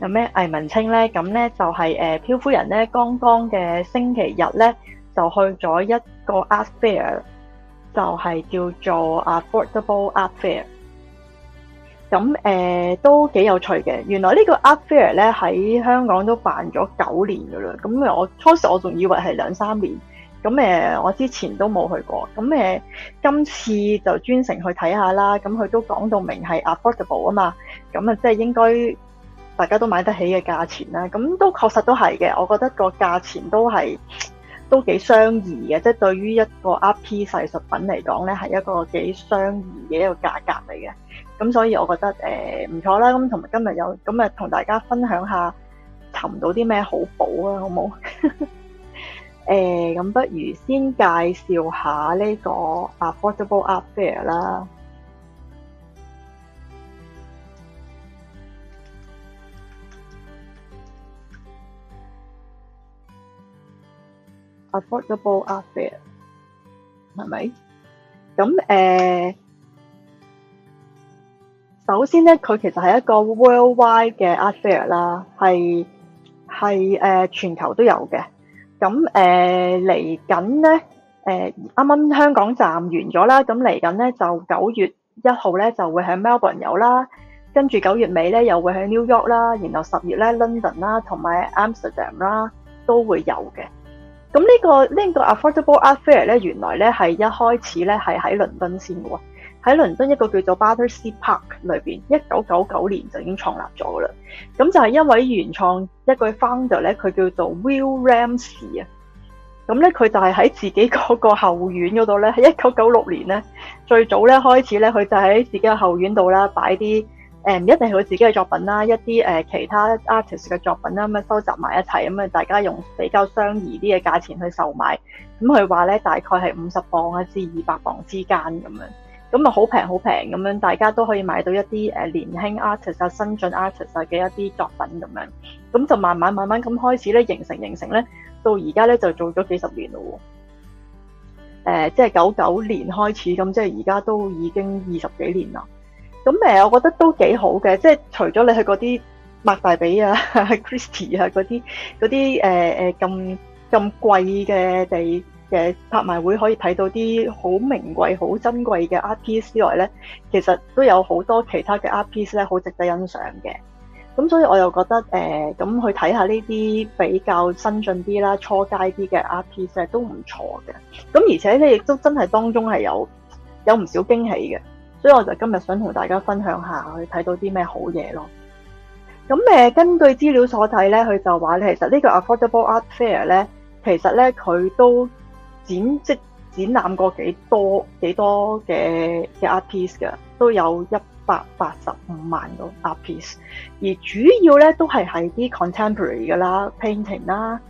有咩藝文青咧？咁咧就係、是、誒、呃，漂夫人咧，剛剛嘅星期日咧，就去咗一個 art fair，就係叫做 Affordable Art Fair。咁誒、呃、都幾有趣嘅。原來呢個 art fair 咧喺香港都辦咗九年噶啦。咁我初時我仲以為係兩三年。咁誒、呃，我之前都冇去過。咁誒、呃，今次就專程去睇下啦。咁佢都講到明係 affordable 啊嘛。咁啊，即係應該，大家都買得起嘅價錢啦，咁都確實都係嘅。我覺得個價錢都係都幾相宜嘅，即、就、係、是、對於一個 R P 藝術品嚟講呢係一個幾相宜嘅一個價格嚟嘅。咁所以我覺得誒唔、呃、錯啦。咁同埋今日有咁誒，同大家分享一下尋到啲咩好寶啊，好冇？誒 咁、呃，不如先介紹一下呢個 Affordable Art Fair 啦。Affordable Art Fair 係咪咁、呃？首先咧，佢其實係一個 worldwide 嘅 art fair 啦，係、呃、全球都有嘅。咁誒嚟緊咧，啱、呃、啱、呃、香港站完咗啦，咁嚟緊咧就九月一號咧就會喺 Melbourne 有啦，跟住九月尾咧又會喺 New York 啦，然後十月咧 London 啦，同埋 Amsterdam 啦都會有嘅。咁呢、呢個呢、呢個 Affordable Art Fair 咧，原來咧係一開始咧係喺倫敦先喎，喺倫敦一個叫做 Battersea Park 裏邊，一九九九年就已經創立咗啦。咁就係因為原創一句 founder 咧，佢叫做 Will Ramsay 啊。咁咧佢就係喺自己嗰個後院嗰度咧，喺一九九六年咧最早咧開始咧，佢就喺自己嘅後院度啦擺啲。誒唔、嗯、一定係佢自己嘅作品啦，一啲誒、呃、其他 artist 嘅作品啦，咁、嗯、樣收集埋一齊，咁、嗯、樣大家用比較相宜啲嘅價錢去售賣，咁佢話咧，大概係五十磅啊至二百磅之間咁樣，咁啊好平好平咁樣，大家都可以買到一啲、呃、年輕 artist 啊、新晉 artist 啊嘅一啲作品咁樣。咁就慢慢慢慢咁開始咧，形成形成咧，到而家咧就做咗幾十年咯。誒、呃，即係九九年開始，咁即係而家都已經二十幾年啦。咁誒，我覺得都幾好嘅，即係除咗你去嗰啲擘大髀啊、Christie 啊嗰啲嗰啲誒咁咁貴嘅地嘅拍賣會，可以睇到啲好名貴、好珍貴嘅 art piece 之外咧，其實都有好多其他嘅 art piece 咧，好值得欣賞嘅。咁所以我又覺得誒，咁、呃、去睇下呢啲比較新進啲啦、初階啲嘅 art piece 呢都唔錯嘅。咁而且咧，亦都真係當中係有有唔少驚喜嘅。所以我就今日想同大家分享下去睇到啲咩好嘢咯。咁誒、呃、根據資料所睇咧，佢就話咧，其實呢個 Affordable Art Fair 咧，其實咧佢都展即展覽過幾多幾多嘅嘅 art piece 噶，都有一百八十五萬個 art piece，而主要咧都係喺啲 contemporary 噶啦，painting 啦。Pain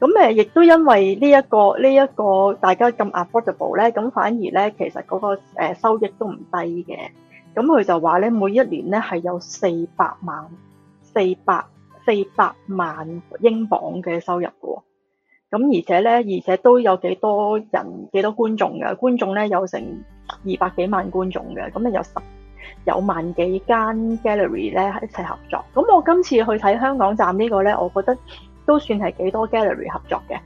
咁亦都因為呢、呢、一個呢一、呢個大家咁 affordable 咧，咁反而咧，其實嗰、嗰個、呃、收益都唔低嘅。咁佢就話咧，每一年咧係有四百萬、四百四百萬英鎊嘅收入喎。咁而且咧，而且都有幾多人、幾多觀眾嘅觀眾咧，有成二百幾萬觀眾嘅。咁咧有十有萬幾間 gallery 咧一齊合作。咁我今次去睇香港站個呢個咧，我覺得。都算係幾多 gallery 合作嘅，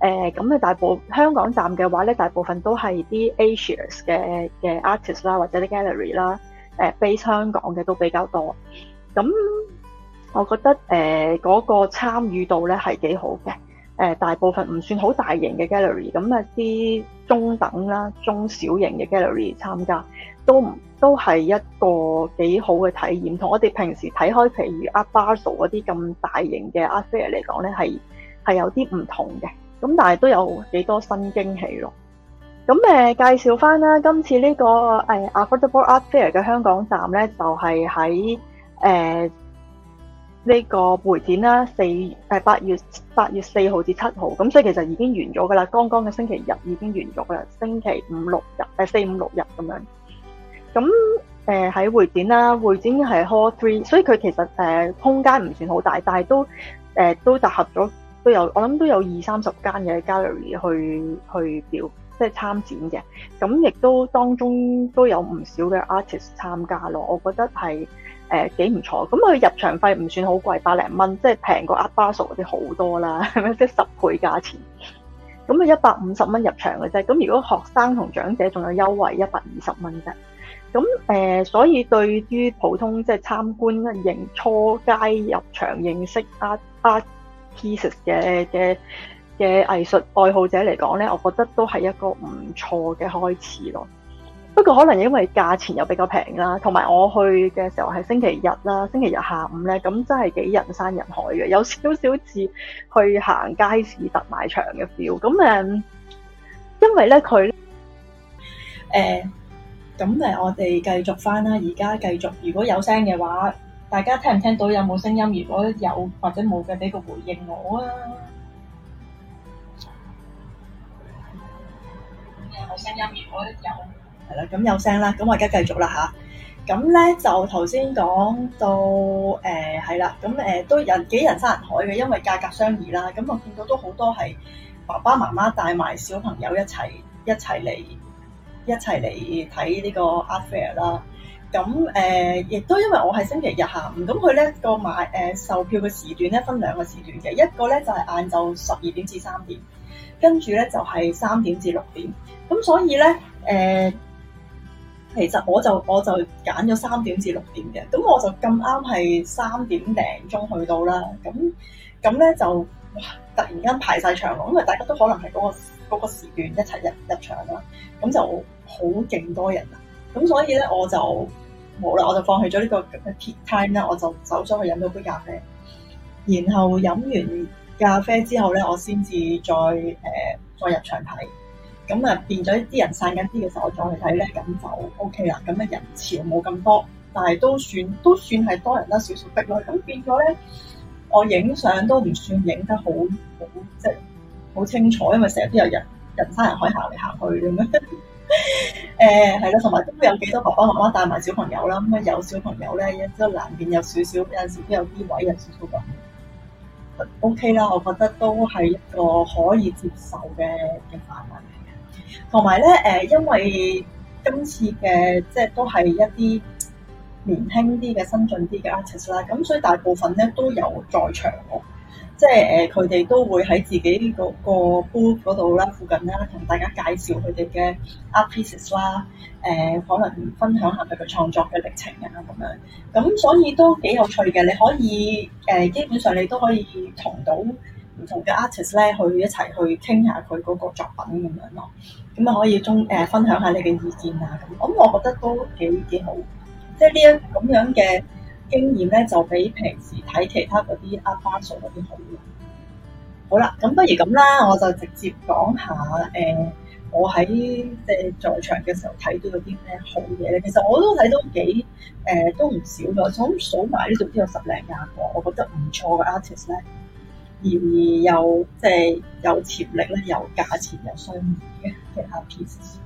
誒咁嘅大部香港站嘅話咧，大部分都係啲 Asians 嘅嘅 artist 啦，或者啲 gallery 啦，誒、呃、base 香港嘅都比較多，咁我覺得誒嗰、呃那個參與度咧係幾好嘅。誒、呃、大部分唔算好大型嘅 gallery，咁啊啲中等啦、中小型嘅 gallery 參加，都唔都係一個幾好嘅體驗，同我哋平時睇開譬如 Art Basel 嗰啲咁大型嘅 Art Fair 嚟講咧，係係有啲唔同嘅，咁但係都有幾多新驚喜咯。咁誒、呃、介紹翻啦，今次呢、這個誒、呃、Affordable Art Fair 嘅香港站咧，就係喺誒、呃呢個會展啦，四誒八月，八月四號至七號，咁所以其實已經完咗噶啦，剛剛嘅星期日已經完咗噶啦，星期五六日誒，四五六日咁樣。咁誒喺會展啦，會展係 Hall Three，所以佢其實誒、呃、空間唔算好大，但係都誒、呃、都集合咗都有，我諗都有二三十間嘅 Gallery 去去表即係參展嘅。咁亦都當中都有唔少嘅 artist 參加咯，我覺得係。誒幾唔錯，咁佢、呃、入場費唔算好貴，百零蚊，即係平過 Art Basel 嗰啲好多啦，係咪？即十倍價錢。咁啊一百五十蚊入場嘅啫，咁如果學生同長者仲有優惠一百二十蚊啫。咁誒、呃，所以對於普通即係參觀認初階入場認識 art pieces 嘅嘅嘅藝術愛好者嚟講咧，我覺得都係一個唔錯嘅開始咯。不過可能因為價錢又比較平啦，同埋我去嘅時候係星期日啦，星期日下午咧，咁真係幾人山人海嘅，有少少似去行街市特賣場嘅 feel。咁誒，因為咧佢誒，咁誒、欸、我哋繼續翻啦，而家繼續，如果有聲嘅話，大家聽唔聽到有冇聲音？如果有或者冇嘅，俾個回應我啊！有聲音，如果有。或者係啦，咁有聲啦，咁我而家繼續啦吓，咁、啊、咧就頭先講到係啦，咁、呃、誒、呃、都有幾人山人海嘅，因為價格相宜啦。咁我見到都好多係爸爸媽媽帶埋小朋友一齊一齊嚟一齊嚟睇呢個 art fair 啦。咁誒亦都因為我係星期日下午，咁佢咧個買、呃、售票嘅時段咧分兩個時段嘅，一個咧就係晏晝十二點至三點，跟住咧就係、是、三點至六點。咁所以咧其實我就我就揀咗三點至六點嘅，咁我就咁啱係三點零鐘去到啦，咁咁咧就哇突然間排晒場咯，因為大家都可能係嗰、那個嗰、那個、時段一齊入入場啦，咁就好勁多人啦，咁所以咧我就冇啦，我就放棄咗呢個 peak time 咧，我就走咗去飲咗杯咖啡，然後飲完咖啡之後咧，我先至再誒、呃、再入場睇。咁啊，變咗啲人散緊啲嘅時候，我再睇咧，咁就 O K 啦。咁啊，人潮冇咁多，但係都算都算係多人啦，少少逼咯。咁變咗咧，我影相都唔算影得好好，即係好清楚，因為成日都有人人山人海行嚟行去咁樣。誒， 係咯，同埋都有幾多爸爸媽媽帶埋小朋友啦。咁啊，有小朋友咧，亦都難免有少少有陣時都有啲位有少少焗。O K 啦，我覺得都係一個可以接受嘅嘅範圍。同埋咧，誒，因為今次嘅即係都係一啲年輕啲嘅新進啲嘅 artist 啦，咁所以大部分咧都有在場喎，即係誒，佢哋都會喺自己嗰、嗰個 book 嗰度啦、附近啦，同大家介紹佢哋嘅 art pieces 啦，誒、呃，可能分享下佢嘅創作嘅歷程啊，咁樣，咁所以都幾有趣嘅，你可以誒、呃，基本上你都可以同到。唔同嘅 artist 咧，一起去一齊去傾下佢嗰個作品咁樣咯，咁啊可以中誒、呃、分享下你嘅意見啊咁，咁我覺得都幾幾好，即係呢一咁樣嘅經驗咧，就比平時睇其他嗰啲 up 主嗰啲好。好啦，咁不如咁啦，我就直接講下誒、呃，我喺即係在場嘅時候睇到有啲咩好嘢咧。其實我都睇到幾誒、呃、都唔少咗。總數埋呢度都有十零廿個，我覺得唔錯嘅 artist 咧。然而又即係有潛力咧，有價錢又相宜嘅其他 piece。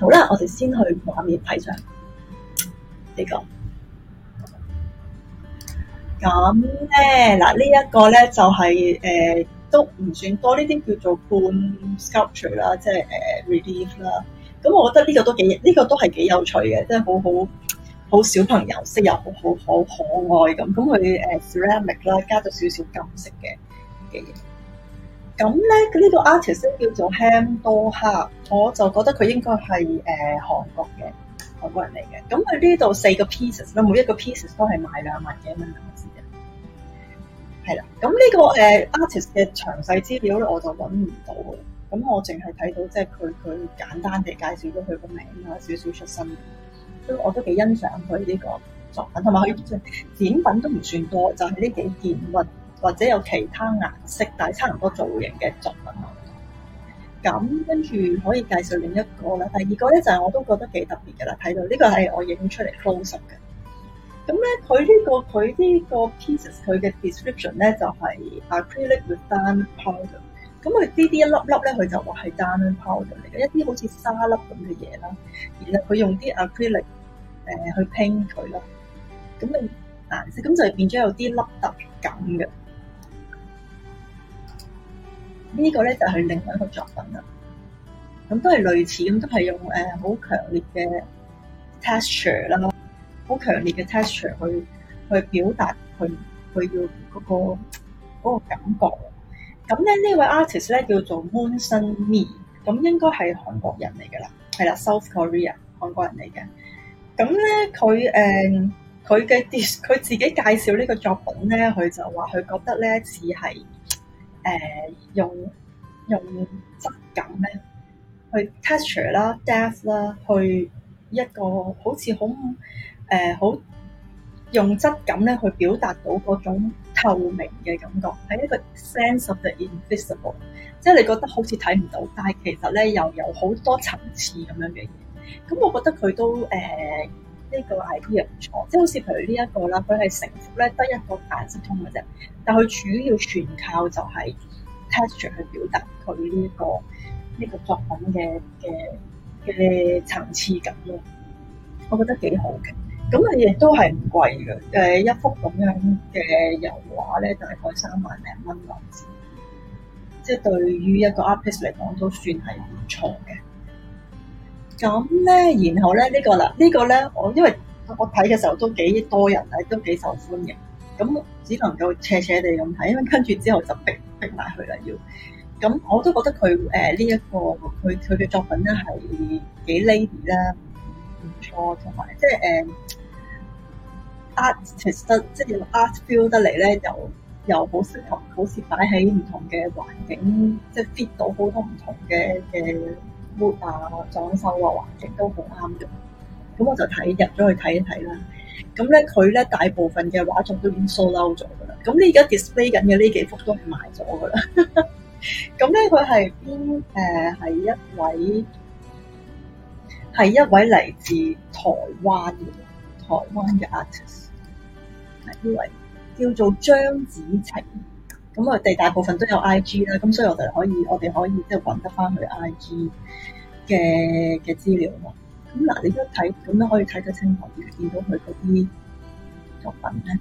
好啦，我哋先去畫面睇上呢個。咁咧嗱，呢個、呢一個咧就係、是、誒、呃、都唔算多呢啲叫做半 sculpture、呃、啦，即係誒 relief 啦。咁我覺得呢個都幾呢、呢個都係幾有趣嘅，真係好好。好小朋友，色又好好可愛咁，咁佢誒 ceramic 啦，加咗少少金色嘅嘅嘢。咁咧，呢、呢個 artist 叫做 Ham Do、oh、Hak 我就覺得佢應該係誒、呃、韓國嘅韓國人嚟嘅。咁佢呢度四個 pieces 每一個 pieces 都係賣兩萬幾蚊一隻嘅。係啦，咁呢個誒 artist 嘅詳細資料咧，我就揾唔到嘅。咁我淨係睇到即係佢佢簡單地介紹咗佢個名啦，有少少出身。都我都幾欣賞佢呢個作品，同埋佢展品都唔算多，就係、是、呢幾件或或者有其他顏色，但係差唔多造型嘅作品咯。咁跟住可以介紹另一個啦。第二個咧就係、是、我都覺得幾特別嘅啦。睇到、這個是這個、這個呢個係我影出嚟 close 嘅。咁咧，佢呢個佢呢個 pieces，佢嘅 description 咧就係、是、acrylic with diamond powder。咁佢呢啲一粒粒咧，佢就話係 diamond powder 嚟嘅，一啲好似沙粒咁嘅嘢啦。然後佢用啲 acrylic 誒去拼佢啦。咁你顏色咁就變咗有啲凹凸感嘅。這個、呢個咧就係、是、另外一個作品啦。咁都係類似咁，都係用誒好強烈嘅 texture 啦，好強烈嘅 texture 去去表達佢佢要嗰個嗰個感覺。咁咧呢位 artist 咧叫做 Moon Sun Mi 咁應該係韓國人嚟㗎啦，係啦 South Korea 韓國人嚟嘅。咁咧佢誒佢嘅啲佢自己介紹呢個作品咧，佢就話佢覺得咧似係誒、呃、用用質感咧去 texture 啦、depth 啦，去一個好似好誒好用質感咧去表達到嗰種透明嘅感覺，係一個 sense of the invisible，即係你覺得好似睇唔到，但係其實咧又有好多層次咁樣嘅嘢。咁我覺得佢都誒呢、呃呢個 idea 唔錯，即係好似譬如、呢個、是呢一個啦，佢係成幅咧得一個顏色通嘅啫，但係佢主要全靠就係 texture 去表達佢呢一個呢、呢個作品嘅嘅嘅層次感咯，我覺得幾好嘅。咁啊，亦都係唔貴嘅。誒、一幅咁樣嘅油畫咧，大概三萬零蚊啦。即、就、係、是、對於一個 artist 嚟講，都算係唔錯嘅。咁咧，然後咧呢、呢個啦，呢個、呢個咧，我因為我睇嘅時候都幾多人咧，都幾受歡迎。咁只能夠斜斜地咁睇，因為跟住之後就逼逼埋去啦，要。咁我都覺得佢誒呢一個佢佢嘅作品咧係幾 lady 啦，唔錯同埋即係誒。art 其實即係 art feel 得嚟咧，又又好適合，好似擺喺唔同嘅環境，即係 fit 到好多唔同嘅嘅 mood 啊、裝修啊、環境都好啱嘅。咁我就睇入咗去睇一睇啦。咁咧佢咧大部分嘅畫作都已經 sold 咗㗎啦。咁你而家 display 緊嘅呢幾幅都係賣咗㗎啦。咁咧佢係邊誒係一位係一位嚟自台灣嘅。台灣嘅 artist，呢位叫做張子晴，咁我哋大部分都有 IG 啦，咁所以我哋可以，我哋可以即係揾得翻佢 IG 嘅嘅資料咯。咁嗱，你都睇，咁都可以睇得清，可以見到佢嗰啲作品咧，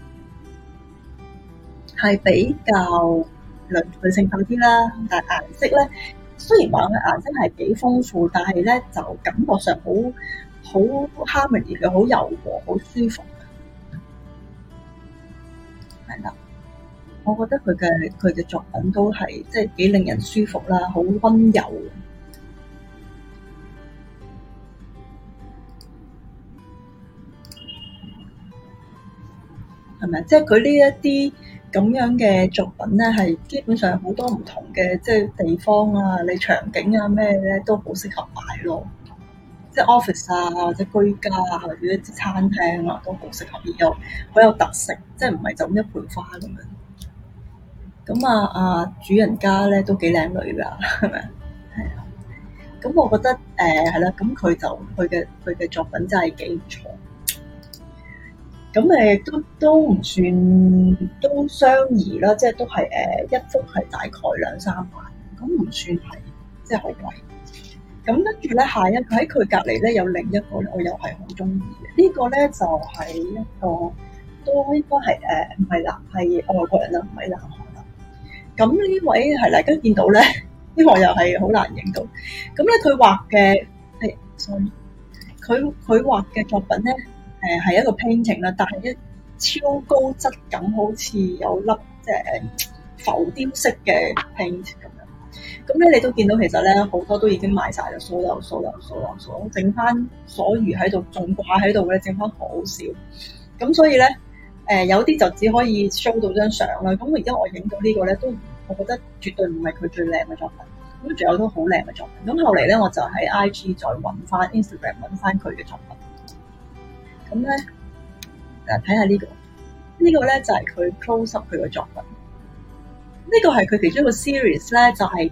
係比較兩維性質啲啦。但係顏色咧，雖然話佢顏色係幾豐富，但係咧就感覺上好。好 harmony 嘅，好柔和，好舒服的，係啦。我覺得佢嘅佢嘅作品都係即係幾令人舒服啦，好溫柔的。係咪？即係佢呢一啲咁樣嘅作品咧，係基本上好多唔同嘅即係地方啊、你場景啊咩咧，什麼都好適合擺咯。即係 office 啊，或者居家啊，或者一啲餐廳啊，都好適合，有好有特色，即係唔係就咁一盆花咁樣。咁啊啊主人家咧都幾靚女㗎，係咪？係啊。咁我覺得誒係啦，咁、呃、佢就佢嘅佢嘅作品真係幾唔錯。咁誒都都唔算都相宜啦，即係都係誒一幅係大概兩三萬，咁唔算係即係好貴。咁跟住咧，下一個喺佢隔離咧有另一個咧，我又係好中意嘅。這個、呢個咧就係、是、一個都應該係誒唔係男係外國人啦，唔係南韓啦。咁呢位係啦，跟住見到咧，呢個又係好難影到。咁咧佢畫嘅誒，sorry，佢佢畫嘅作品咧，誒、呃、係一個 painting 啦，但係咧超高質感，好似有粒即係、就是、浮雕式嘅 paint 咁。咁咧，你都見到其實咧，好多都已經賣晒啦，所有所有所有所有，剩翻所餘喺度，仲掛喺度嘅咧，剩翻好少。咁所以咧，誒有啲就只可以 show 到張相啦。咁而家我影到個呢個咧，都我覺得絕對唔係佢最靚嘅作品。咁仲有都好靚嘅作品。咁後嚟咧，我就喺 I G 再揾翻 Instagram 揾翻佢嘅作品。咁咧誒睇下呢個、呢個呢個呢個咧就係、係、佢 close up 佢嘅作品。呢、呢個係佢其中一個 series 咧，就係、係。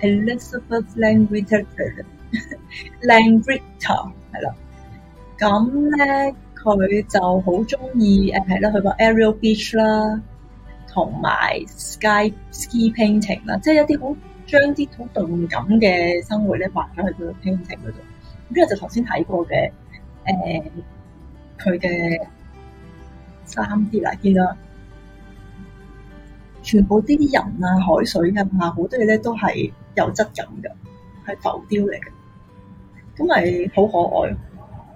Elizabeth Langrutter，Langrutter 係啦，咁咧佢就好中意，誒係啦，佢個 Aerial Beach 啦，同埋 Sky Ski Painting 啦，即係一啲好將啲好動感嘅生活咧畫咗喺佢嘅 painting 嗰度。咁呢個就頭先睇過嘅，誒，佢嘅三 D 啦，見到全部啲人啊、海水啊、啊好多嘢咧都係。有質感㗎，係浮雕嚟嘅，咁咪好可愛，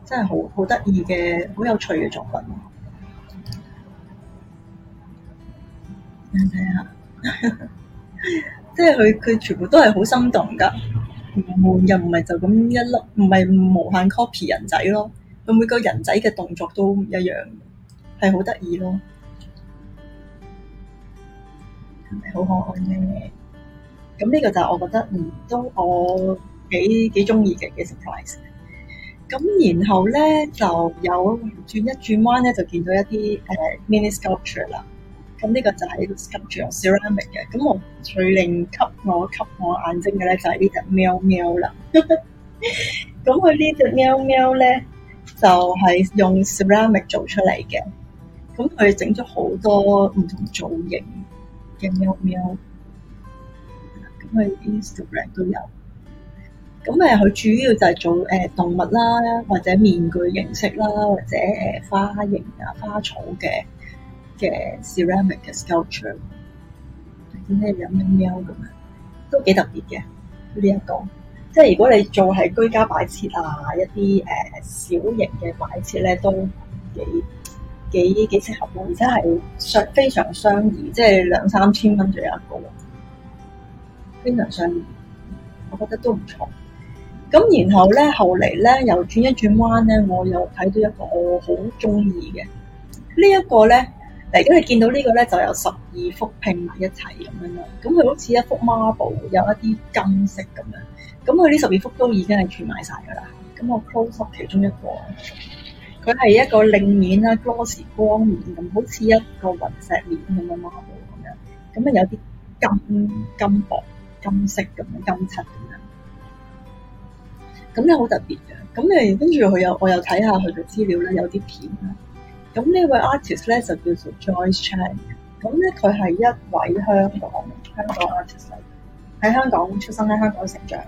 真係好好得意嘅，好有趣嘅作品。你睇下，即係佢佢全部都係好生動㗎，唔悶又唔係就咁一粒，唔係無限 copy 人仔咯。佢每個人仔嘅動作都唔一樣，係好得意咯，係咪好可愛呢？咁呢個就我覺得嗯，都我幾幾中意嘅，幾 surprise。咁然後咧，就有轉一轉彎，咧就見到一啲誒、uh, mini sculpture 啦。咁呢個就係 sculpture 用 ceramic 嘅。咁我最令吸我吸我眼睛嘅，咧就係呢隻喵喵啦。咁佢呢隻喵喵咧就係、是、用 ceramic 做出嚟嘅。咁佢整咗好多唔同造型嘅喵喵。去 Instagram 都有，咁誒，佢主要就係做誒、呃、動物啦，或者面具形式啦，或者誒、呃、花形啊、花草嘅嘅 ceramic 嘅 sculpture，啲、嗯、咩飲、嗯、飲喵、嗯、咁啊、嗯嗯嗯嗯嗯，都幾特別嘅呢一個。即係如果你做係居家擺設啊，一啲誒、呃、小型嘅擺設咧，都幾幾幾適合的，而且係相非常相宜，即係兩三千蚊就有一個。平台上面，我覺得都唔錯。咁然後咧，後嚟咧又轉一轉彎咧，我又睇到一個我好中意嘅呢一個咧。如果你見到呢個咧，就有十二幅拼埋一齊咁樣啦。咁佢好似一幅 marble，有一啲金色咁樣的。咁佢呢十二幅都已經係全埋晒㗎啦。咁我 close up 其中一個，佢係一個令面啦 glossy 光面咁，好似一個雲石面咁嘅 marble 咁樣。咁啊，有啲金金箔。金色咁樣金漆咁樣，咁咧好特別嘅。咁咧跟住佢又我又睇下佢嘅資料咧，有啲片啦。咁呢位 artist 咧就叫做 Joyce Chan。咁咧佢係一位香港香港 artist 喺香港出生喺香港成長。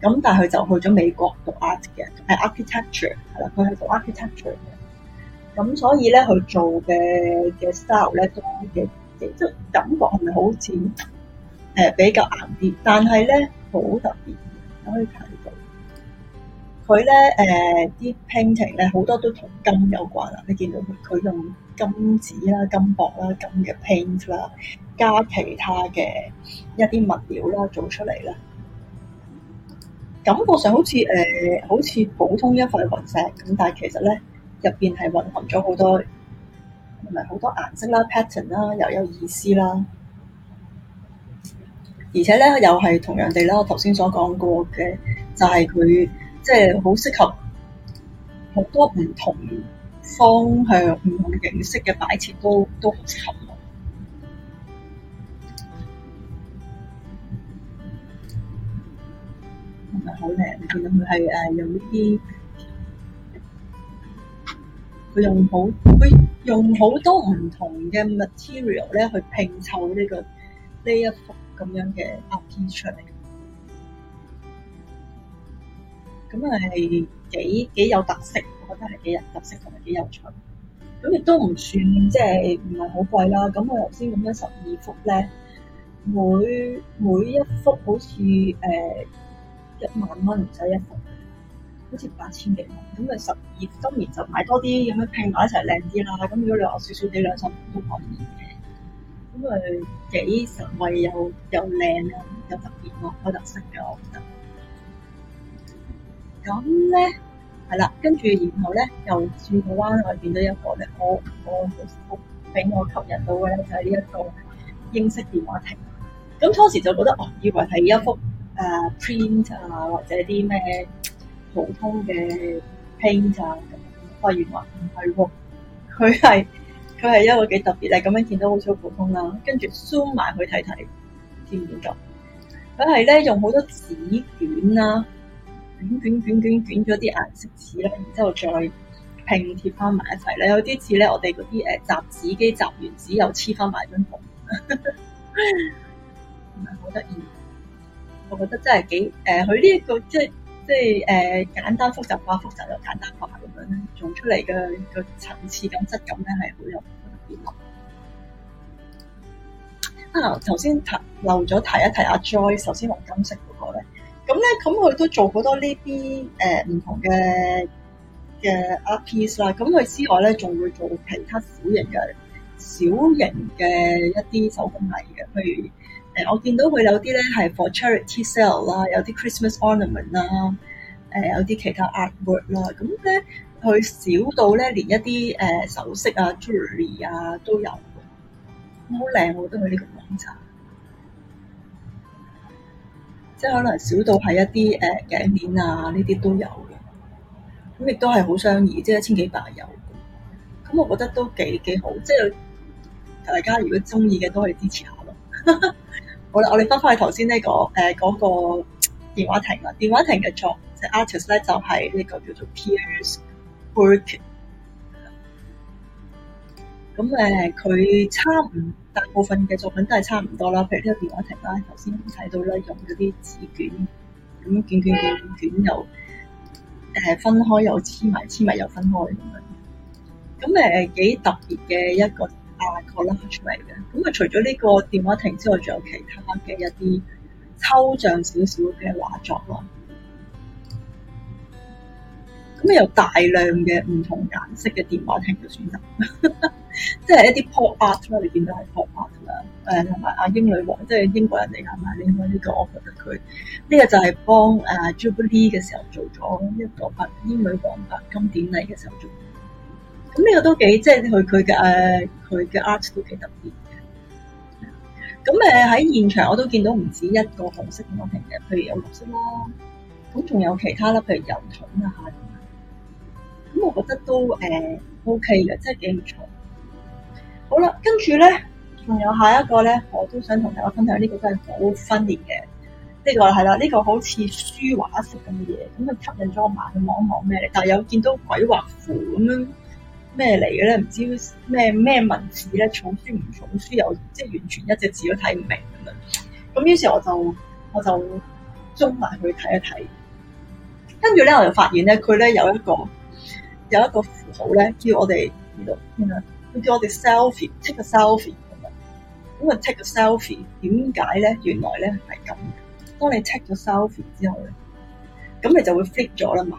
咁但係佢就去咗美國讀 art 嘅，係 architecture 係啦。佢係讀 architecture 嘅。咁所以咧佢做嘅嘅 style 咧都嘅即係感覺係咪好似？誒比較硬啲，但係咧好特別，你可以睇到佢咧誒啲 painting 咧好多都同金有關啦。你見到佢佢用金紙啦、金箔啦、金嘅 paint 啦，加其他嘅一啲物料啦做出嚟啦，感覺上好似誒、呃、好似普通一塊雲石咁，但係其實咧入邊係混合咗好多同埋好多顏色啦、色 pattern 啦，又有意思啦。而且咧又係同樣地咧，我頭先所講過嘅，就係佢即係好適合好多唔同方向、唔同形式嘅擺設都都好適合我。係咪好靚？見到佢係誒有呢啲，佢用好佢用好多唔同嘅 material 咧去拼湊呢個呢一幅。咁樣嘅 A P 出嚟，咁係幾幾有特色，我覺得係幾有特色同埋幾有趣。咁亦都唔算即係唔係好貴啦。咁我頭先咁樣十二幅咧，每每一幅好似誒一萬蚊唔使一幅，好似八千幾蚊。咁啊十二今年就買多啲咁樣拼埋一齊靚啲啦。咁如果你話少少，你兩十都可以。咁佢幾實惠又又靚啊，又特別咯，有特色嘅我覺得。咁咧係啦，跟住然後咧又轉個彎，我見到一個咧，我我好俾我吸引到嘅咧就係呢一個英式電話亭。咁初時就覺得哦，以為係一幅誒 print 啊或者啲咩普通嘅 paint 啊，發現話唔係喎，佢係。佢係一個幾特別的，係咁樣見到好似好普通啦。跟住 zoom 埋去睇睇，見唔見到？佢係咧用好多紙卷啦，卷卷卷卷卷咗啲顏色紙啦，然之後再拼貼翻埋一齊咧。有啲似咧我哋嗰啲誒摺紙機摺完紙又黐翻埋張圖，唔係好得意。我覺得真係幾誒，佢呢一個即係。即係誒、呃、簡單複雜化，複雜又簡單化咁樣，做出嚟嘅個層次感質感咧係好有變化。啊，頭先提漏咗提一提阿、啊、Joy，首先黃金色嗰、那個咧，咁咧咁佢都做好多呢啲誒唔同嘅嘅 Art Piece 啦。咁佢之外咧，仲會做其他小型嘅小型嘅一啲手工藝嘅譬如。我見到會有啲咧係 for charity sale 啦，有啲 Christmas ornament 啦，有啲其他 artwork 啦。咁咧，佢少到咧連一啲誒首飾啊、jewelry 啊都有的，好靚。我覺得佢呢個網站，即係可能少到係一啲誒頸鏈啊，呢啲都有嘅。咁亦都係好相宜，即係一千幾百有的。咁我覺得都幾，幾好，即係大家如果中意嘅，都可以支持一下咯。 好啦，我哋翻返去頭先呢個誒嗰個電話亭啊，電話亭嘅作即係 artist 咧，就係呢個叫做 Piers Burke。咁誒，佢差唔大部分嘅作品都係差唔多啦，譬如呢個電話亭啦，頭先睇到咧，用嗰啲紙卷，咁捲卷卷卷卷捲又誒分開又黐埋，黐埋又分開咁樣。咁誒幾特別嘅一個。啊 collect 出嚟嘅，咁啊除咗呢個電話亭之外，仲有其他嘅一啲抽象少少嘅畫作咯。咁啊有大量嘅唔同顏色嘅電話亭嘅選擇，即 係一啲 pop art 啦、嗯，你見到係 pop art 啦，誒同埋阿英女王，即、就、係、是、英國人嚟係咪？呢個呢個，我覺得佢呢、這個就係幫誒 Jubilee 嘅時候做咗一個白英女王白金典禮嘅手作。咁呢個都幾即係佢佢嘅誒佢嘅 arts 都幾特別嘅。咁誒喺現場我都見到唔止一個紅色嘅物品嘅，譬如有綠色咯，咁仲有其他比啦，譬如油桶啊嚇。咁我覺得都誒、呃、OK 嘅，即係幾唔錯。好啦，跟住咧，仲有下一個咧，我都想同大家分享，呢、這個真係好 funny 嘅。呢、這個係啦，呢、這個好似書畫式咁嘅嘢，咁佢吸引咗我埋去望一望咩嚟，但係有見到鬼畫符咁樣。咩嚟嘅咧？唔知咩咩文字咧？重書唔重書又即係完全一隻字都睇唔明咁樣，咁於是我就我就中埋去睇一睇，跟住咧我就發現咧佢咧有一個有一個符號咧，叫我哋呢度，呢、嗯、個，佢叫我哋 selfie，take a selfie 咁樣，咁啊，take a selfie 點解咧？原來咧係咁。當你 take 咗 selfie 之後咧，咁你就會 fit 咗啦嘛。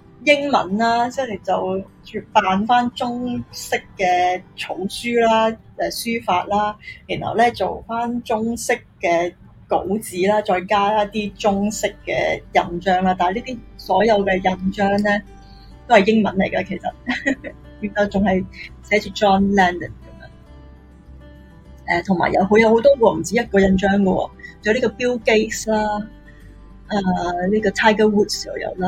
英文啦，即係你就扮翻中式嘅草書啦、誒書法啦，然後咧做翻中式嘅稿紙啦，再加一啲中式嘅印章啦。但係呢啲所有嘅印章咧，都係英文嚟㗎，其實，然後仲係寫住 John Lennon 咁樣。誒，同埋有好有好多個，唔止一個印章嘅喎，仲有呢個 Bill Gates 啦、啊，誒、這、呢個 Tiger Woods 又有啦。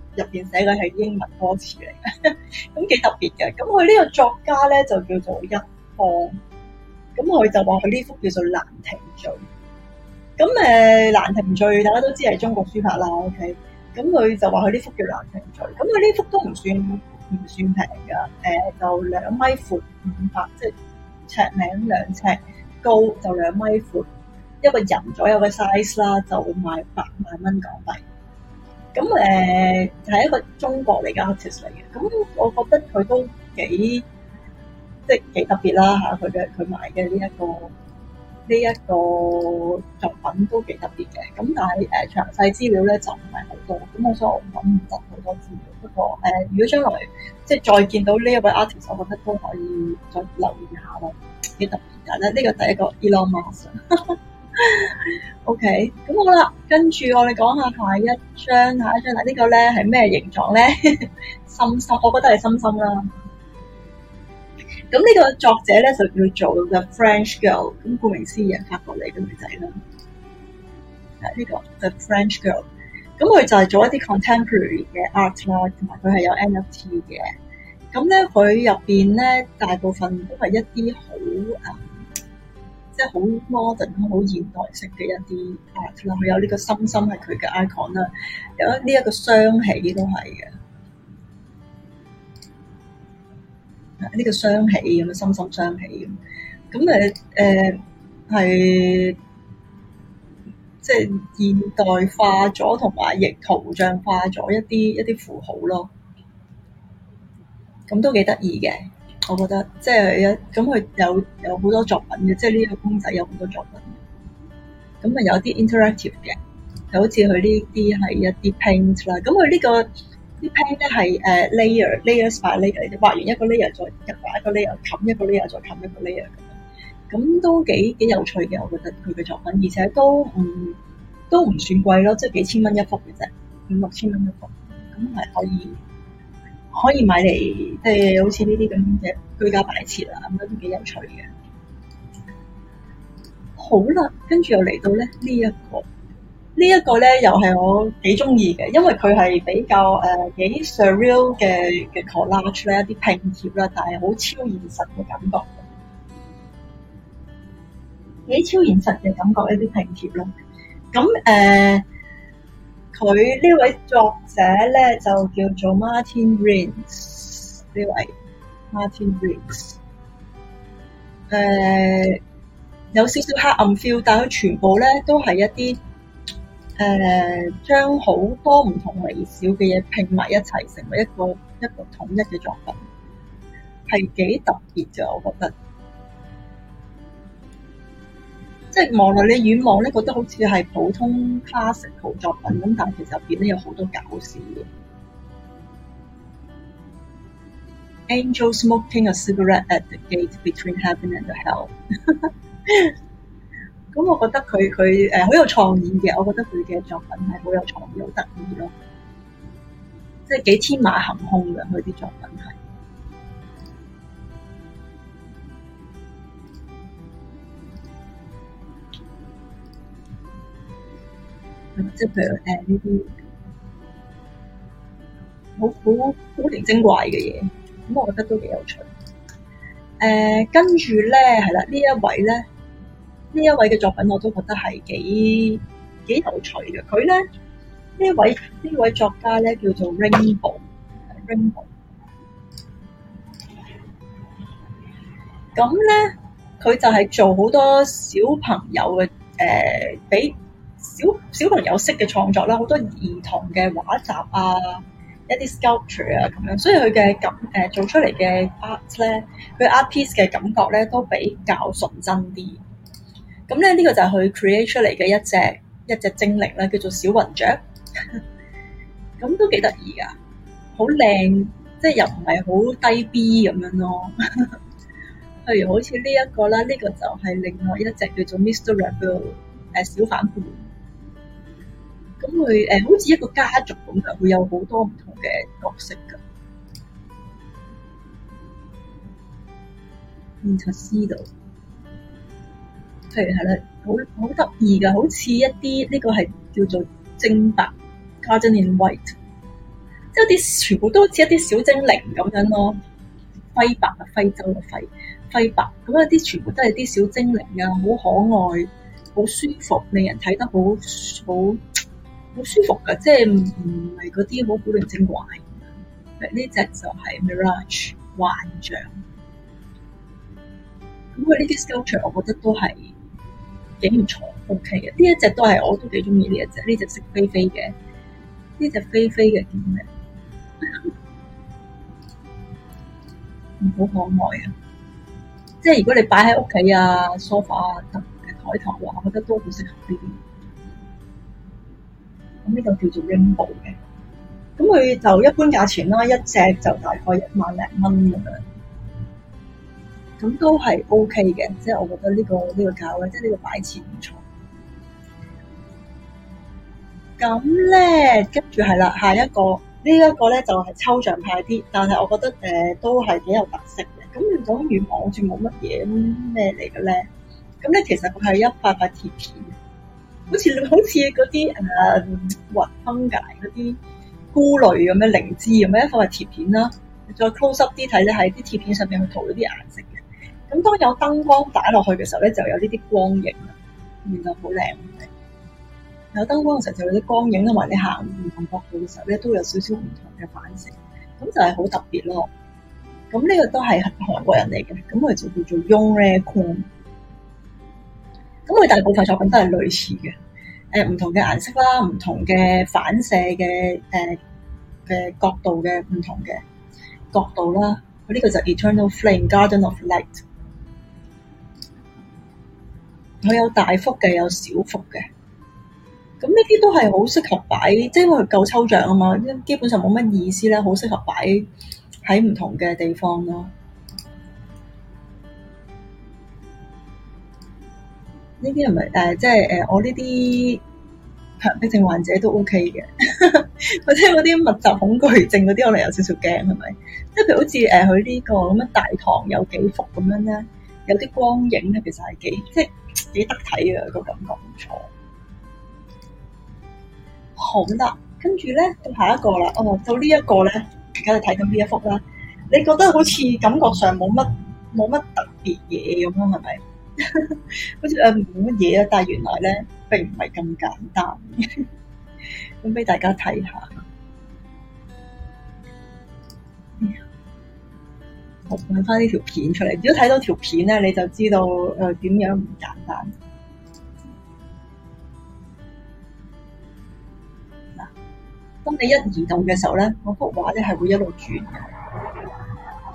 入邊寫嘅係英文歌詞嚟嘅，咁 幾特別嘅。咁佢呢個作家咧就叫做一方，咁佢就話佢呢幅叫做蘭亭序、呃《蘭亭序》。咁誒《蘭亭序》，大家都知係中國書法啦。OK，咁佢就話佢呢幅叫《蘭亭序》，咁佢呢幅都唔算唔算平㗎。誒、呃，就兩米闊五百，即係尺名兩尺高，就兩米闊，一個人左右嘅 size 啦，就賣八萬蚊港幣。咁誒係一個中國嚟嘅 artist 嚟嘅，咁我覺得佢都幾，即係幾特別啦吓，佢嘅佢賣嘅呢一個呢一個作品都幾特別嘅。咁但係，誒，詳細資料咧就唔係好多，咁所以我揾唔到好多資料。不過，誒、呃，如果將來，即係再見到呢一位 artist，我覺得都可以再留意一下咯，幾特別嘅咧。呢個第一個 Elon Mu sk OK，咁好啦，跟住我哋講下下一張，下一張，嗱、這個、呢個咧係咩形狀咧？ 心心，我覺得係心心啦、啊。咁呢個作者咧就叫做 The French Girl，咁顧名思義，法國嚟嘅女仔啦。呢、這個 The French Girl，咁佢就係做一啲 contemporary 嘅 art 啦，同埋佢係有 NFT 嘅。咁咧，佢入邊咧，大部分都係一啲好啊。即係好 modern，好現代式嘅一啲啊，又會有呢個心心係佢嘅 icon 啦。有呢一個雙喜都係嘅，呢個雙喜咁樣心心雙喜咁。咁誒誒係即係現代化咗，同埋亦圖像化咗一啲一啲符號咯。咁都幾得意嘅。我覺得即係咁佢有有好多作品嘅，即係呢個公仔有好多作品。咁啊有啲 interactive 嘅，就好似佢呢啲係一啲 paint 啦。咁佢呢個啲、這個、paint 咧係 layer layer by layer，畫完一個 layer 再畫一個 layer，冚一個 layer 再冚一個 layer 咁樣。咁都幾幾有趣嘅，我覺得佢嘅作品，而且都唔、嗯、都唔算貴咯，即係幾千蚊一幅嘅啫，五六千蚊一幅，咁係可以。可以買嚟誒，好似呢啲咁嘅居家擺設啊，咁都幾有趣嘅。好啦，跟住又嚟到咧呢一、呢個，呢個、呢一個咧又係我幾中意嘅，因為佢係比較誒幾、呃、surreal 嘅嘅 collage 咧一啲拼貼啦，但係好超現實嘅感覺，幾超現實嘅感覺一啲拼貼咯。咁、嗯、誒。佢呢位作者咧就叫做 Martin Rins, Martin Rins 呢，呃、位 Martin Rins 誒有少少黑暗 feel，但佢全部咧都係一啲誒將好多唔同微小嘅嘢拼埋一齊，成為一個一個統一嘅作品，係幾特別嘅，我覺得。即係望落你遠望咧，覺得好似係普通 classical 作品咁，但係其實入邊咧有好多搞笑嘅。Angel smoking a cigarette at the gate between heaven and hell。咁我覺得佢佢誒好有創意嘅，我覺得佢嘅作品係好有創意、好得意咯。即係幾天馬行空嘅佢啲作品係。即係譬如誒呢啲好好古靈精怪嘅嘢，咁我覺得都有、呃、覺得幾，幾有趣。誒，跟住咧係啦，呢一位咧，呢一位嘅作品，我都覺得係幾幾有趣嘅。佢咧，呢一位呢位作家咧，叫做 Rainbow，Rainbow、啊。咁咧佢就係做好多小朋友嘅誒俾。呃小小朋友式嘅創作啦，好多兒童嘅畫集啊，一啲 sculpture 啊咁樣，所以佢嘅感誒、呃、做出嚟嘅 art 咧，佢 art piece 嘅感覺咧都比較純真啲。咁咧呢、呢個就係佢 create 出嚟嘅一隻一隻精靈咧，叫做小雲雀，咁都幾得意噶，好靚，即係又唔係好低 b 咁樣咯。譬 如好似呢一個啦，呢、呢個就係另外一隻叫做 Mr. Rebel 誒、呃、小反叛。咁佢誒好似一個家族咁，佢會有好多唔同嘅角色㗎。觀察師譬如係啦，好好得意㗎，好似一啲呢個係叫做精白 （caution white），即係啲全部都好似一啲小精靈咁樣咯。輝白啊，輝洲啊，輝輝白咁啊，啲全部都係啲小精靈㗎，好可愛，好舒服，令人睇得好好。很好舒服噶，即係唔係嗰啲好古靈精怪。呢隻就係 Mirage 幻象。咁佢呢啲 sculpture，我覺得都係幾唔錯，OK 嘅。呢一隻都係我都幾中意呢一隻。呢隻識飛飛嘅，呢隻飛飛嘅點咧？好 可愛啊！即係如果你擺喺屋企啊、梳化啊、同嘅台頭話，我覺得都好適合呢啲。咁呢個叫做英布嘅，咁佢就一般價錢啦，一隻就大概一萬零蚊咁樣，咁都係 OK 嘅，即係我覺得呢個呢個價位，即係呢個擺設唔錯。咁咧，跟住係啦，下一個呢一個咧就係抽象派啲，但係我覺得誒都係幾有特色嘅。咁你講完望住冇乜嘢咩嚟嘅咧？咁咧其實佢係一塊塊鐵片。好似好似嗰啲誒雲分解嗰啲菇類咁嘅靈芝咁樣，佢係鐵片啦，你再 close up 啲睇咧，喺啲鐵片上面去塗咗啲顏色嘅。咁當有燈光打落去嘅時候咧，就有呢啲光影啦，然後就好靚。有燈光嘅時候就有啲光影，或者行唔同角度嘅時候咧，都有少少唔同嘅反射，咁就係好特別咯。咁呢個都係韓國人嚟嘅，咁我哋就叫做 Young a c o w n 咁佢大部分作品都係類似嘅，誒、呃、唔同嘅顏色啦，唔同嘅反射嘅誒嘅角度嘅唔同嘅角度啦。佢、這、呢個就《Eternal Flame Garden of Light》，佢有大幅嘅，有小幅嘅。咁呢啲都係好適合擺，即、就、係、是、因為佢夠抽象啊嘛，因基本上冇乜意思咧，好適合擺喺唔同嘅地方咯。呢啲係咪？誒，即係誒，我呢啲強迫症患者都 OK 嘅， 或者嗰啲密集恐懼症嗰啲，我嚟有少少驚，係咪？即係譬如好似誒佢呢個咁樣大堂有幾幅咁樣咧，有啲光影咧，其實係幾即係幾得睇嘅。個感覺，唔錯。好啦，跟住咧到下一個啦。哦，到這個呢一個咧，而家就睇緊呢一幅啦。你覺得好似感覺上冇乜冇乜特別嘢咁樣，係咪？ 好似誒冇乜嘢啊，但原來咧，並唔係咁簡單，咁 俾大家睇下。我搵翻呢條片出嚟，如果睇到條片咧，你就知道誒點、呃、樣唔簡單。嗱，當你一移動嘅時候咧，我幅畫咧係會一路轉。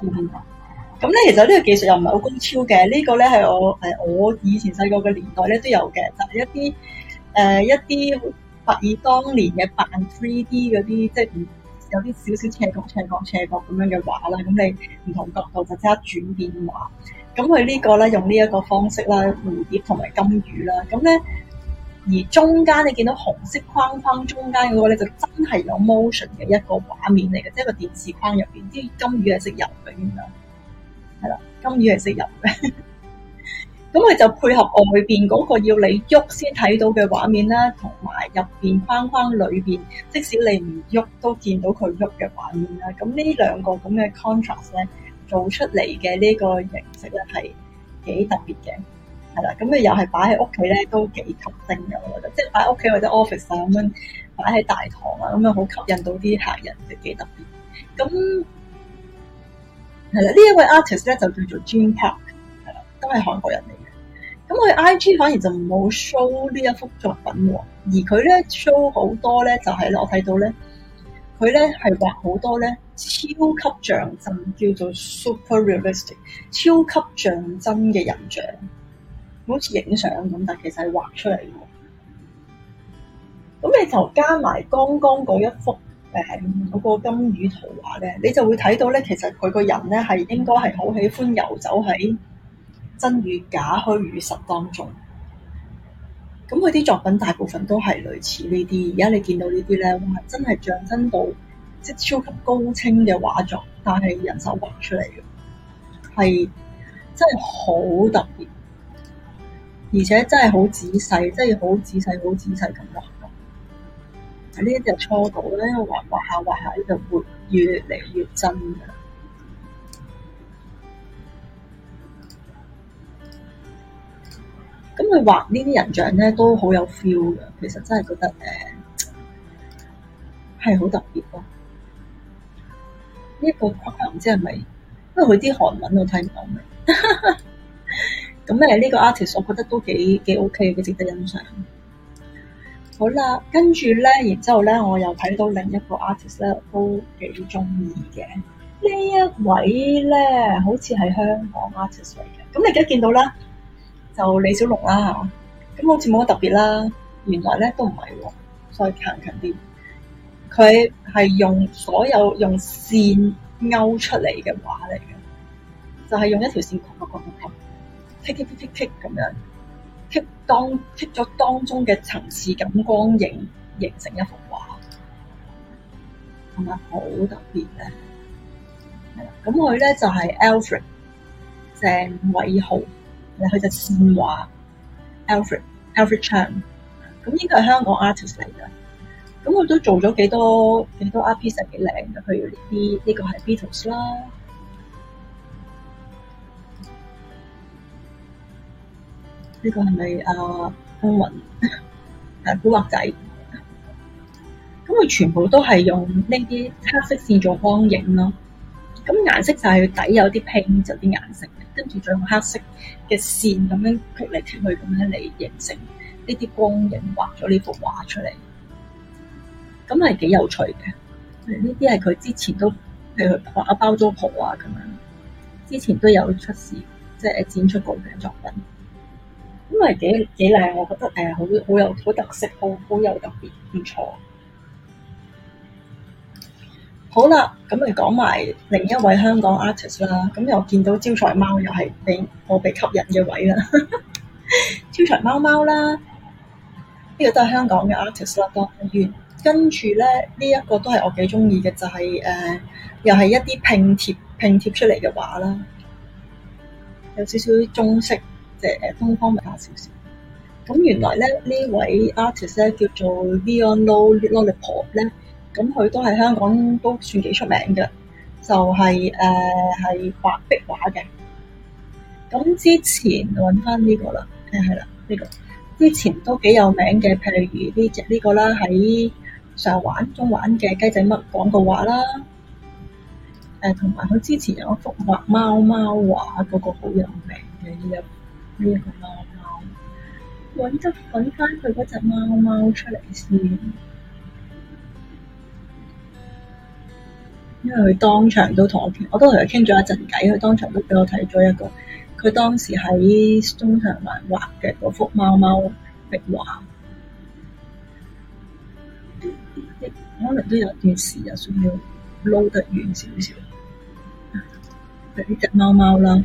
嗯咁咧，其實呢個技術又唔係好高超嘅。呢、這個咧係我誒我以前細個嘅年代咧都有嘅，就係、是、一啲誒、呃、一啲仿當年嘅扮 three D 嗰啲，即、就、係、是、有啲少少斜角、斜角、斜角咁樣嘅畫啦。咁你唔同角度就即刻轉變畫。咁佢呢個咧用呢一個方式啦，蝴蝶同埋金魚啦。咁咧而中間你見到紅色框框中間嗰個咧就真係有 motion 嘅一個畫面嚟嘅，即、就、係、是、個電視框入邊啲金魚係識游嘅，原來。係啦，金魚係識入嘅，咁 佢就配合外邊嗰個要你喐先睇到嘅畫面啦，同埋入邊框框裏邊，即使你唔喐都見到佢喐嘅畫面啦。咁呢兩個咁嘅 contrast 咧，做出嚟嘅呢個形式咧係幾特別嘅。係啦，咁你又係擺喺屋企咧都幾吸睛嘅，我覺得，即係擺喺屋企或者 office 啊咁樣擺喺大堂啊咁樣好吸引到啲客人，就幾特別。咁係啦，呢一位 artist 咧就叫做 Jean Park，係啦，都係韓國人嚟嘅。咁佢 IG 反而就冇 show 呢一幅作品喎，而佢咧 show 好多咧就係、咧、我睇到咧，佢咧係畫好多咧超級像真，叫做 super realistic，超級像真嘅人像，好似影相咁，但其實係畫出嚟嘅。咁你就加埋剛剛嗰一幅。誒嗰個金魚圖畫咧，你就會睇到咧，其實佢個人咧係應該係好喜歡遊走喺真與假、虛與實當中。咁佢啲作品大部分都係類似呢啲。而家你見到呢啲咧，哇！真係象徵到即係超級高清嘅畫作，但係人手畫出嚟嘅，係真係好特別，而且真係好仔細，真係好仔細、好仔細咁咯。這一隻呢一隻初稿咧，畫畫下畫下咧就、這個、會越嚟越真嘅。咁佢畫呢啲人像咧，都好有 feel 嘅。其實真係覺得誒係好特別咯。呢、這個框唔知係咪，因為佢啲韓文我睇唔到名。咁咩呢個 artist，我覺得都幾幾 OK，嘅，值得欣賞。好啦，跟住咧，然之後咧，我又睇到另一個 artist 咧，都幾中意嘅。呢一位咧，好似係香港 artist 嚟嘅。咁你而家見到啦，就李小龍啦、啊、嚇。咁好似冇乜特別啦。原來咧都唔係喎，再行近啲。佢係用所有用線勾出嚟嘅畫嚟嘅，就係、是、用一條線曲曲曲曲曲，tick tick tick tick tick 咁樣。剔當剔咗當中嘅層次感、光影，形成一幅畫，係咪好特別咧？咁佢咧就係 Alfred 鄭偉豪，佢就線畫 Alfred Alfred Chan，咁應該係香港 artist 嚟噶。咁佢都做咗幾多幾多 art piece 幾靚嘅，譬如呢啲呢個係 Beatles 啦。呢個係咪啊？潘雲啊，古惑仔。咁佢全部都係用呢啲黑色線做光影咯。咁顏色就係底有啲拼，就啲顏色，跟住再用黑色嘅線咁樣貼嚟貼去咁樣嚟形成呢啲光影畫畫，畫咗呢幅畫出嚟。咁係幾有趣嘅。呢啲係佢之前都譬如佢畫啊包租婆啊咁樣，之前都有出事，即係展出過嘅作品。因為幾幾靚，我覺得誒、呃，好好有好特色，好好有特別，唔錯。好啦，咁咪講埋另一位香港 artist 啦。咁又見到招財貓，又係被我被吸引嘅位啦。招 財貓貓啦，呢、這個都係香港嘅 artist 啦。當然，跟住咧，呢、這、一個都係我幾中意嘅，就係、是、誒、呃，又係一啲拼貼拼貼出嚟嘅畫啦，有少少啲中式。即係誒，東方文化少少咁，原來咧呢這位 artist 咧叫做 Leon Lollipop 咧，咁佢都係香港都算幾出名嘅，就係誒係畫壁畫嘅。咁之前揾翻呢個啦，係係啦，呢個之前都幾有名嘅，譬如呢隻呢個啦，喺、這個、上環中環嘅雞仔嘜廣告畫啦，誒同埋佢之前有一幅畫貓貓畫嗰、那個好有名嘅呢一。這個呢個貓貓，揾得揾翻佢嗰隻貓貓出嚟先，因為佢當場都同我傾，我都同佢傾咗一陣偈。佢當場都畀我睇咗一個，佢當時喺中上環畫畫嘅嗰幅貓貓壁畫，可能都有一段時間要撈得遠少少，就呢隻貓貓啦。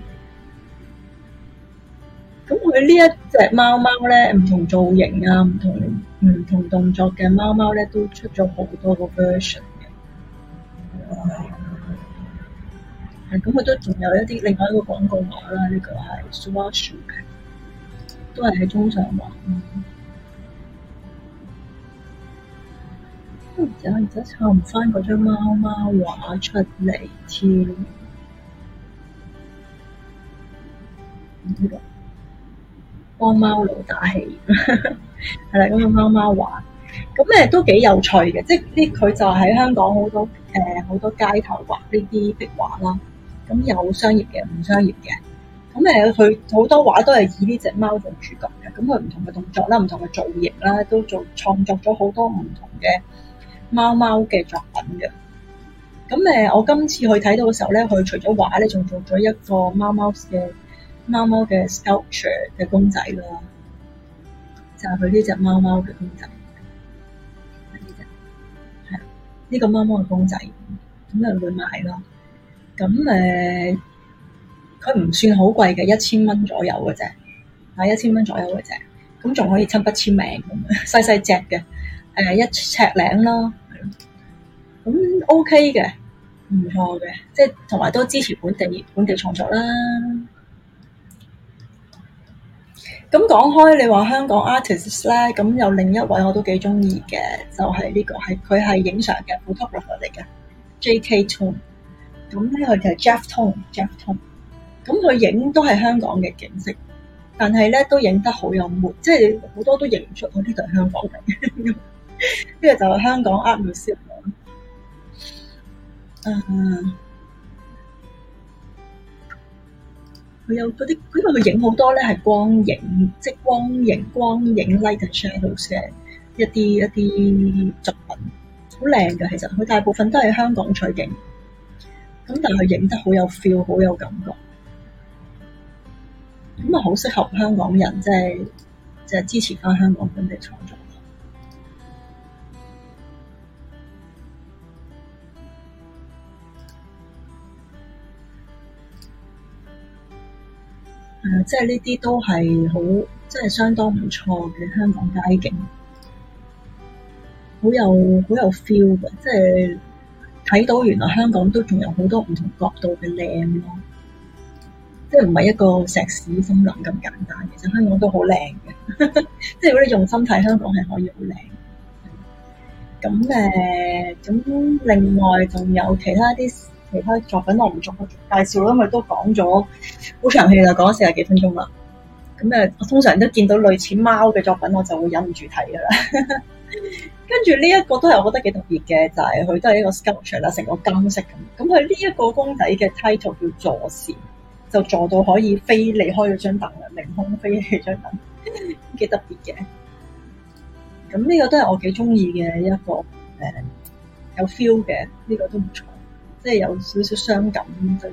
咁佢呢一隻貓貓咧，唔同造型啊，唔同唔同動作嘅貓貓咧，都出咗好多個 version 嘅。咁佢、嗯、都仲有一啲另外一個廣告畫啦，呢、呢個係 Swatch 嘅，都係喺中上畫。而家而家湊唔翻嗰張貓貓畫出嚟添。嗯這個幫貓佬打氣，係 啦，咁樣貓貓畫，咁咧都幾有趣嘅，即係呢，佢就喺香港好多、呃、好多街頭畫呢啲壁畫啦，咁有商業嘅，唔商業嘅，咁佢好多畫都係以呢隻貓做主角嘅，咁佢唔同嘅動作啦，唔同嘅造型啦，都做創作咗好多唔同嘅貓貓嘅作品嘅。咁我今次去睇到嘅時候咧，佢除咗畫咧，仲做咗一個貓貓嘅。貓貓嘅 sculpture 嘅公仔咯，就係佢呢隻貓貓嘅公仔，呢隻係呢個貓貓嘅公仔，咁你會買咯。咁誒，佢、啊、唔算好貴嘅，一千蚊左右嘅啫，嚇、啊、一千蚊左右嘅啫。咁仲可以親筆簽名，咁細細隻嘅，誒一尺零咯，係咯，咁 OK 嘅，唔錯嘅，即係同埋都支持本地本地創作啦。咁講開，你話香港 artist 咧，咁有另一位我都幾中意嘅，就係呢個係佢係影相嘅 photographer 嚟嘅，JK Tom。咁咧佢就 Jeff Tom，Jeff Tom。咁佢影都係香港嘅景色，但係咧都影得好有 mood，即係好多都影唔出佢呢度係香港嚟嘅。呢個就係香港 artist 嗯嗯。Uh huh. 有嗰啲，因為佢影好多咧，係光影，即係光影、光影、light and shadows 嘅一啲一啲作品，好靚嘅，其實佢大部分都係香港取景，咁但係佢影得好有 feel，好有感覺，咁啊好適合香港人，即係即係支持翻香港本地創作。誒、呃，即係呢啲都係好，即係相當唔錯嘅香港街景，好有好有 feel 嘅，即係睇到原來香港都仲有好多唔同角度嘅靚咯，即係唔係一個石屎森林咁簡單，其實香港都好靚嘅，即係如果你用心睇，香港係可以好靚。咁誒，咁、呃、另外仲有其他啲。其他作品我唔做介紹啦，因為都講咗好長氣啦，講咗四十幾分鐘啦。咁誒，我通常都見到類似貓嘅作品，我就會忍唔住睇噶啦。跟住呢一個都係我覺得幾特別嘅，就係、是、佢都係一個 sculpture 啦，成個金色咁。咁佢呢一個公仔嘅 title 叫坐禪，就坐到可以飛離開咗張凳啦，凌空飛起張凳，幾特別嘅。咁呢個，個、這個都係我幾中意嘅一個誒，有 feel 嘅，呢個都唔錯。即係有少少傷感，對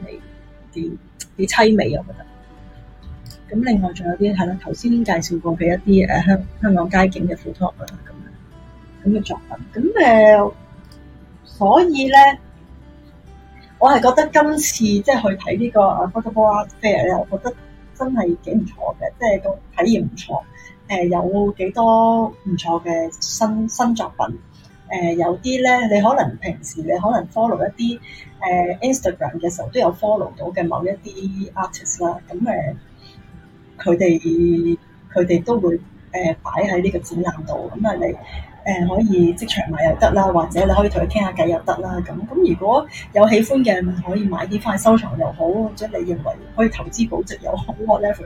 你幾幾悽美，我覺得。咁另外仲有啲係啦，頭先介紹過嘅一啲誒香香港街景嘅 photo 啊，咁樣咁嘅作品。咁誒、呃，所以咧，我係覺得今次即係去睇呢個啊 Photograph Fair 咧，我覺得真係幾唔錯嘅，即係個體驗唔錯。誒、呃，有幾多唔錯嘅新新作品。誒、呃，有啲咧，你可能平時你可能 follow 一啲誒、呃、Instagram 嘅時候，都有 follow 到嘅某一啲 artist 啦。咁誒，佢哋佢哋都會誒擺喺呢個展覽度。咁啊，你。誒、呃、可以即場買又得啦，或者你可以同佢傾下偈又得啦咁。咁如果有喜歡嘅，咪可以買啲返收藏又好，或者你認為可以投資保值又好嗰 level。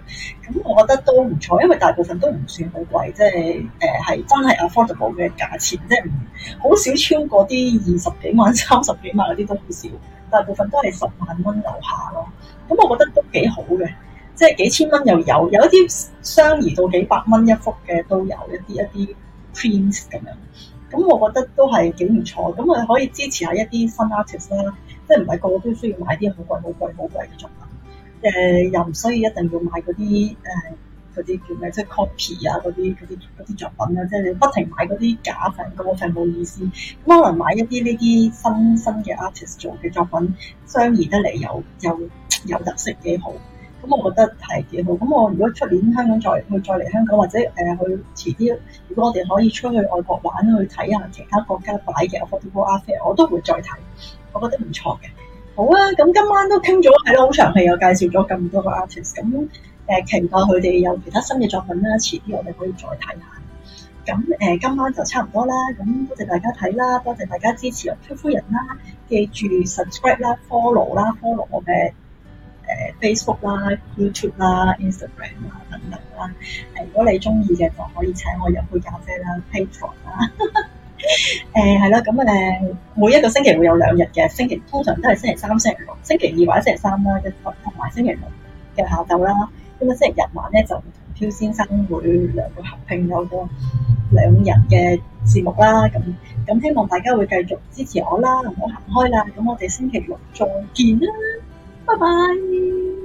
咁我覺得都唔錯，因為大部分都唔算好貴，即係誒係真係 affordable 嘅價錢，即係唔好少超過啲二十幾萬、三十幾萬嗰啲都好少，大部分都係十萬蚊樓下咯。咁我覺得都幾好嘅，即係幾千蚊又有，有一啲相宜到幾百蚊一幅嘅都有一啲一啲 prints 咁樣，咁我覺得都係幾唔錯，咁啊可以支持一下一啲新 artist 啦，即係唔係個個都需要買啲好貴、好貴、好貴嘅作品，誒、呃、又唔需要一定要買嗰啲誒嗰啲叫咩，即係 copy 啊嗰啲啲啲作品啊，即你不停買嗰啲假嘅，咁我覺得冇意思，咁可能買一啲呢啲新新嘅 artist 做嘅作品，相宜得嚟，又又有特色幾好。咁我覺得係幾好。咁我如果出年香港再去再嚟香港，或者、呃、去遲啲，如果我哋可以出去外國玩去睇下其他國家擺嘅好多好多 artist 我都會再睇。我覺得唔錯嘅。好啊，咁今晚都傾咗係咯，好長氣，又介紹咗咁多個 artist。咁誒、呃，期待佢哋有其他新嘅作品啦。遲啲我哋可以再睇下。咁、呃、今晚就差唔多啦。咁多謝，謝大家睇啦，多謝，謝大家支持漂人啦。記住 subscribe 啦，follow 啦, fo llow, 啦，follow 我嘅。誒 Facebook 啦、YouTube 啦、Instagram 啦等等啦。誒，如果你中意嘅，就可以請我飲杯咖啡啦、PayPal 啦。誒 係、欸、啦，咁誒每一個星期會有兩日嘅，星期通常都係星期三、星期六，星期二或者星期三啦，同同埋星期六嘅下晝啦。咁啊，星期日晚咧就同漂先生會兩個合拼有個兩日嘅節目啦。咁咁希望大家會繼續支持我啦，唔好行開啦。咁我哋星期六再見啦。拜拜。